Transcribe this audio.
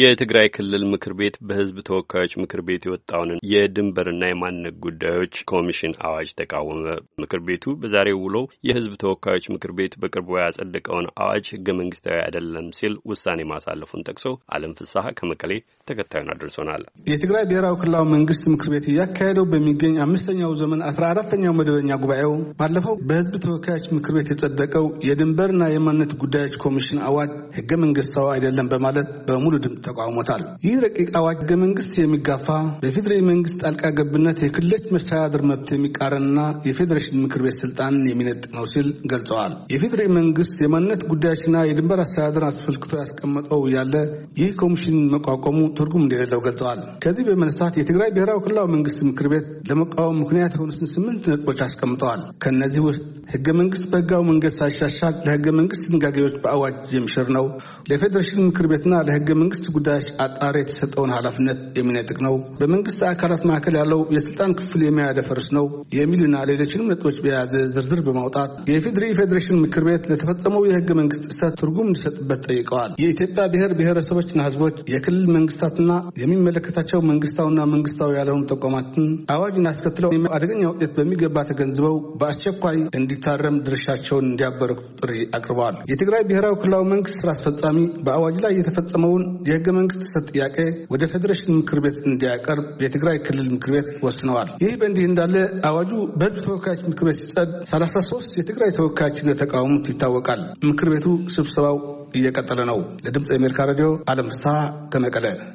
የትግራይ ክልል ምክር ቤት በህዝብ ተወካዮች ምክር ቤት የወጣውን የድንበርና የማንነት ጉዳዮች ኮሚሽን አዋጅ ተቃወመ። ምክር ቤቱ በዛሬው ውሎ የህዝብ ተወካዮች ምክር ቤት በቅርቡ ያጸደቀውን አዋጅ ህገ መንግስታዊ አይደለም ሲል ውሳኔ ማሳለፉን ጠቅሶ አለም ፍሳሐ ከመቀሌ ተከታዩን አድርሶናል። የትግራይ ብሔራዊ ክልላዊ መንግስት ምክር ቤት እያካሄደው በሚገኝ አምስተኛው ዘመን አስራ አራተኛው መደበኛ ጉባኤው ባለፈው በህዝብ ተወካዮች ምክር ቤት የጸደቀው የድንበርና የማንነት ጉዳዮች ኮሚሽን አዋጅ ህገ መንግስታዊ አይደለም በማለት በሙሉ ድምፅ ተቋቁሞታል። ይህ ረቂቅ አዋጅ ህገ መንግስት የሚጋፋ በፌዴራል መንግስት ጣልቃ ገብነት የክልሎች መስተዳድር መብት የሚቃረንና የፌዴሬሽን ምክር ቤት ስልጣንን የሚነጥቅ ነው ሲል ገልጸዋል። የፌዴራል መንግስት የማንነት ጉዳዮችና የድንበር አስተዳደር አስፈልክቶ ያስቀመጠው ያለ ይህ ኮሚሽን መቋቋሙ ትርጉም እንደሌለው ገልጸዋል። ከዚህ በመነሳት የትግራይ ብሔራዊ ክልላዊ መንግስት ምክር ቤት ለመቃወም ምክንያት የሆኑትን ስምንት ነጥቦች አስቀምጠዋል። ከእነዚህ ውስጥ ህገ መንግስት በህጋዊ መንገድ ሳይሻሻል ለህገ መንግስት ድንጋጌዎች በአዋጅ የሚሽር ነው። ለፌዴሬሽን ምክር ቤትና ለህገ መንግስት ጉዳዮች አጣሪ የተሰጠውን ኃላፊነት የሚነጥቅ ነው፣ በመንግስት አካላት መካከል ያለው የስልጣን ክፍል የሚያደፈርስ ነው የሚልና ሌሎችንም ነጥቦች በያዘ ዝርዝር በማውጣት የኢፌዴሪ ፌዴሬሽን ምክር ቤት ለተፈጸመው የህገ መንግስት ጥሰት ትርጉም እንዲሰጥበት ጠይቀዋል። የኢትዮጵያ ብሔር ብሔረሰቦችና ህዝቦች የክልል መንግስታትና የሚመለከታቸው መንግስታዊና መንግስታዊ ያልሆኑ ተቋማትን አዋጅን አስከትለው አደገኛ ውጤት በሚገባ ተገንዝበው በአስቸኳይ እንዲታረም ድርሻቸውን እንዲያበረኩ ጥሪ አቅርበዋል። የትግራይ ብሔራዊ ክልላዊ መንግስት ስራ አስፈጻሚ በአዋጅ ላይ የተፈጸመውን የህገ መንግስት ጥያቄ ወደ ፌዴሬሽን ምክር ቤት እንዲያቀርብ የትግራይ ክልል ምክር ቤት ወስነዋል። ይህ በእንዲህ እንዳለ አዋጁ በህዝብ ተወካዮች ምክር ቤት ሲጸድ 33 የትግራይ ተወካዮችን የተቃወሙት ይታወቃል። ምክር ቤቱ ስብሰባው እየቀጠለ ነው። ለድምፅ የአሜሪካ ሬዲዮ አለም ፍስሐ ከመቀለ